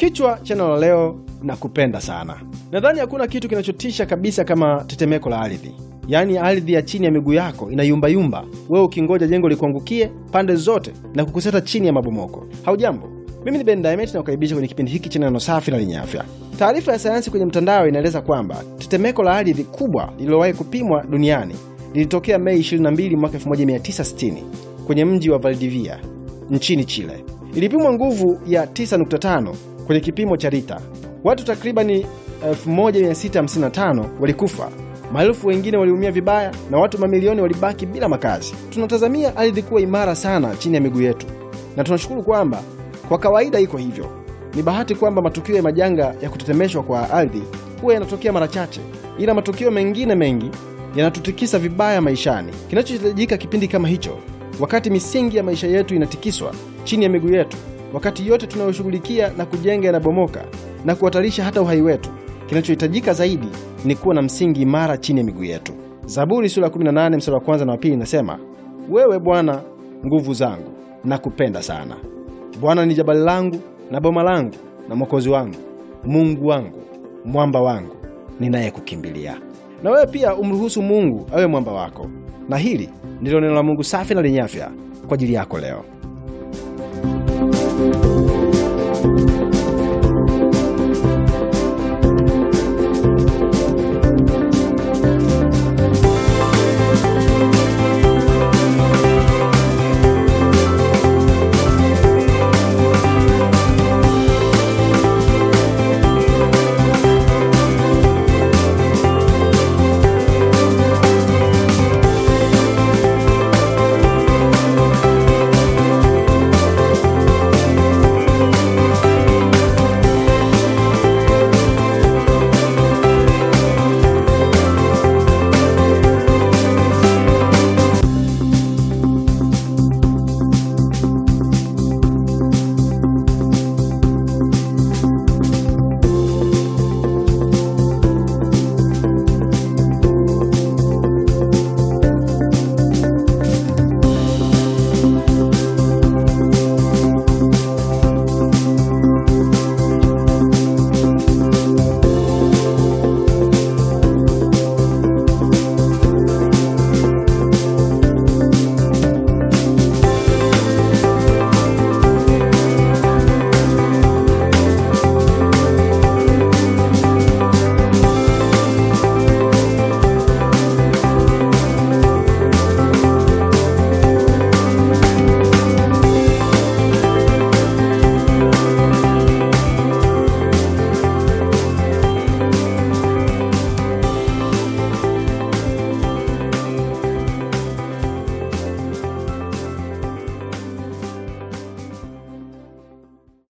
Kichwa cha neno la leo, kupenda sana. Nadhani hakuna kitu kinachotisha kabisa kama tetemeko la ardhi, yaani ardhi ya chini ya miguu yako inayumbayumba, wewe ukingoja jengo likuangukie pande zote na kukuseta chini ya mabomoko. Haujambo, mimi ni Ben na kukaribisha kwenye kipindi hiki cha neno safi na lenye afya. Taarifa ya sayansi kwenye mtandao inaeleza kwamba tetemeko la ardhi kubwa lililowahi kupimwa duniani lilitokea Mei 22 1960 kwenye mji wa Valdivia nchini Chile. Ilipimwa nguvu ya 9.5 kwenye kipimo cha lita. Watu takribani eh, 1655 walikufa, maelfu wengine waliumia vibaya na watu mamilioni walibaki bila makazi. Tunatazamia ardhi kuwa imara sana chini ya miguu yetu, na tunashukuru kwamba kwa kawaida iko hivyo. Ni bahati kwamba matukio ya majanga ya kutetemeshwa kwa ardhi huwa yanatokea mara chache, ila matukio mengine mengi yanatutikisa vibaya maishani. Kinachohitajika kipindi kama hicho, wakati misingi ya maisha yetu inatikiswa chini ya miguu yetu Wakati yote tunayoshughulikia na kujenga yanabomoka na kuhatarisha hata uhai wetu. Kinachohitajika zaidi ni kuwa na msingi imara chini ya miguu yetu. Zaburi sura 18 mstari wa kwanza na wa pili inasema, wewe Bwana nguvu zangu, nakupenda sana. Bwana ni jabali langu na boma langu na mwokozi wangu, Mungu wangu, mwamba wangu ninayekukimbilia. Na wewe pia umruhusu Mungu awe mwamba wako. Na hili ndilo neno la Mungu safi na lenye afya kwa ajili yako leo.